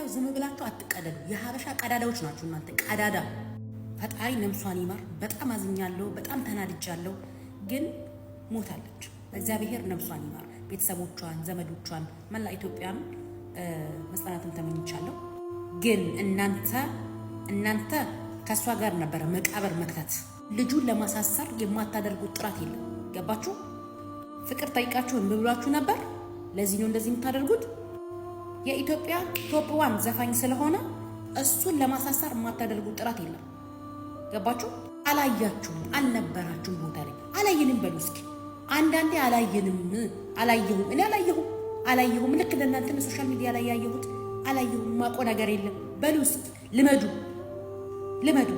ስታየው ዝም ብላችሁ አትቀደዱ። የሀበሻ ቀዳዳዎች ናችሁ እናንተ ቀዳዳ። ፈጣሪ ነፍሷን ይማር። በጣም አዝኛለሁ፣ በጣም ተናድጃለሁ። ግን ሞታለች። እግዚአብሔር ነፍሷን ይማር፣ ቤተሰቦቿን፣ ዘመዶቿን፣ መላ ኢትዮጵያን መጽናናትን ተመኝቻለሁ። ግን እናንተ እናንተ ከእሷ ጋር ነበረ መቃብር መክተት። ልጁን ለማሳሰር የማታደርጉት ጥራት የለም። ገባችሁ? ፍቅር ጠይቃችሁ እምብሏችሁ ነበር። ለዚህ ነው እንደዚህ የምታደርጉት። የኢትዮጵያ ቶፕ ዋን ዘፋኝ ስለሆነ እሱን ለማሳሰር የማታደርጉት ጥረት የለም። ገባችሁ? አላያችሁም፣ አልነበራችሁም ቦታ ላይ አላየንም በሉ እስኪ። አንዳንዴ አላየንም፣ አላየሁም፣ እኔ አላየሁም፣ አላየሁም። ልክ ለእናንተ ሶሻል ሚዲያ ላይ ያየሁት አላየሁም፣ ማቆ ነገር የለም በሉ እስኪ። ልመዱ፣ ልመዱ።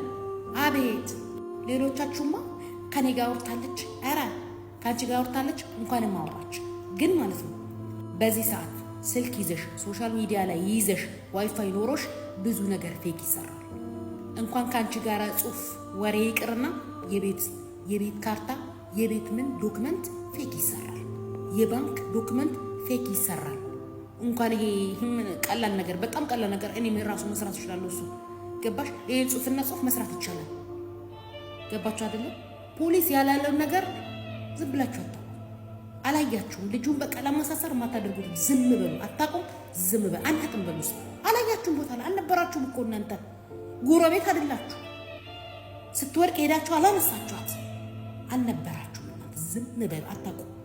አቤት ሌሎቻችሁማ ከኔ ጋር አውርታለች፣ ኧረ ከአንቺ ጋር አውርታለች፣ እንኳንም አወራች። ግን ማለት ነው በዚህ ሰዓት ስልክ ይዘሽ ሶሻል ሚዲያ ላይ ይዘሽ ዋይፋይ ኖሮሽ ብዙ ነገር ፌክ ይሰራል። እንኳን ከአንቺ ጋር ጽሁፍ ወሬ ይቅርና የቤት ካርታ፣ የቤት ምን ዶክመንት ፌክ ይሰራል። የባንክ ዶክመንት ፌክ ይሰራል። እንኳን ይሄ ቀላል ነገር በጣም ቀላል ነገር እኔ ራሱ መስራት ይችላለሁ። እሱ ገባሽ? ይሄ ጽሁፍና ጽሁፍ መስራት ይቻላል። ገባችሁ አይደለም? ፖሊስ ያላለው ነገር ዝም ብላችሁ አላያችሁም? ልጁን በቃ ለማሳሰር ማታደርጉት ዝም በሉ። አታውቁም? ዝም በሉ። አናውቅም በሉ። አላያችሁም? ቦታ ላይ አልነበራችሁም እኮ እናንተ ጎረቤት አይደላችሁ። ስትወድቅ ሄዳችሁ አላነሳችኋት። አልነበራችሁም ዝም በሉ። አታውቁም